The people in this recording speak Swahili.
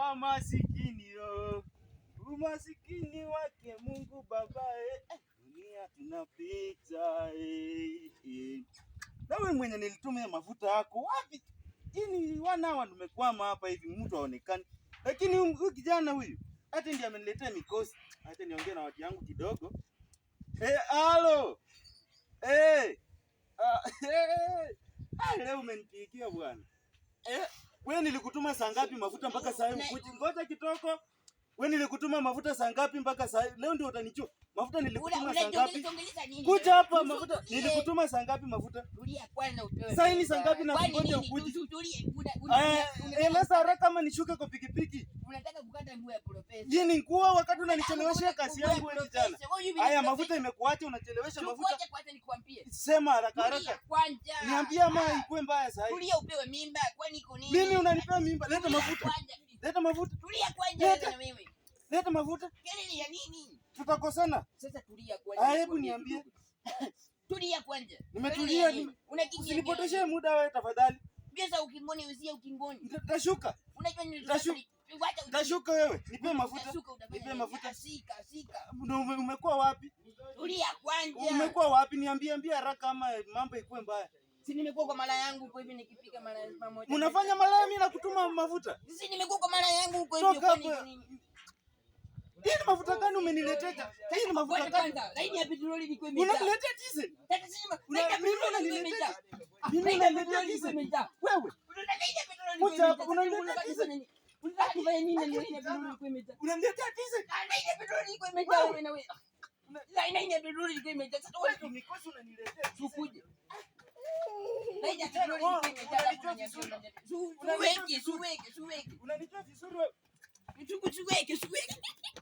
wa masikini oh. Umasikini wake Mungu babae eh, tunapita eh, eh. Nawe mwenye nilitumia mafuta yako wapi? Ini wanawa tumekwama hapa hivi, mtu aonekane, lakini huyu kijana huyu hata ndiye ameniletea mikosi. Hata niongee na watu yangu kidogo. Hey, eh, alo hey. Uh, hey. Leo umenipikia bwana eh. Wewe nilikutuma saa ngapi mafuta mpaka saa hii mkuji? Ngoja kitoko. Wewe nilikutuma mafuta saa ngapi mpaka saa hii? Leo ndio utanichua. Mafuta nilikutuma saa ngapi? Kuja hapa mafuta nilikutuma saa ngapi mafuta? Tulia kwanza utoe. Saa hii saa ngapi na ngoja ukuti? Eh, eh eleza haraka kama nishuke kwa pikipiki. Unataka kukata nguo ya profesa. Yeye ni nguo wakati unanichelewesha kazi yangu wewe jana. Haya mafuta imekuacha unachelewesha mafuta. Ngoja kwanza nikuambie. Sema haraka haraka. Niambie ama ikuwe mbaya saa hii. Tulia upewe mimba kwani iko nini? Umenipea mimba. Leta mafuta. Leta mafuta. Tulia kwanza na mimi. Leta mafuta. Kelele ya nini? Tutakosana. Sasa tulia kwanza. Ah, hebu niambie. Tulia kwanza. Nimetulia. Usinipotoshe muda wewe tafadhali. Biasa ukingoni usie ukingoni. Nitashuka. Unajua nitashuka. Tashuka wewe, nipe mafuta. Nipe mafuta. Sika, sika. Umekuwa wapi? Tulia kwanza. Umekuwa wapi? Niambie ambia haraka ama mambo ikuwe mbaya. Si nimekuwa kwa mara yangu huko hivi nikipiga mara moja. Unafanya mara mimi na kutuma mafuta. Si nimekuwa kwa mara yangu huko hivi kwa nini? Hii ni mafuta gani umeniletea? Hii ni mafuta gani? Laini ya petroli ni kwemita. Unaniletea diesel? Tatasema, laini ya petroli ni kwemita. Mimi naletea diesel. Wewe. Unaniletea petroli ni kwemita. Unaniletea diesel. Unataka kufanya nini na laini ya petroli ni kwemita? Unaniletea diesel. Ah, laini ya petroli ni kwemita wewe na wewe. Laini ya petroli ni kwemita. Sasa wewe unikosa unaniletea. Tukuje. Oh, unanijua vizuri wewe.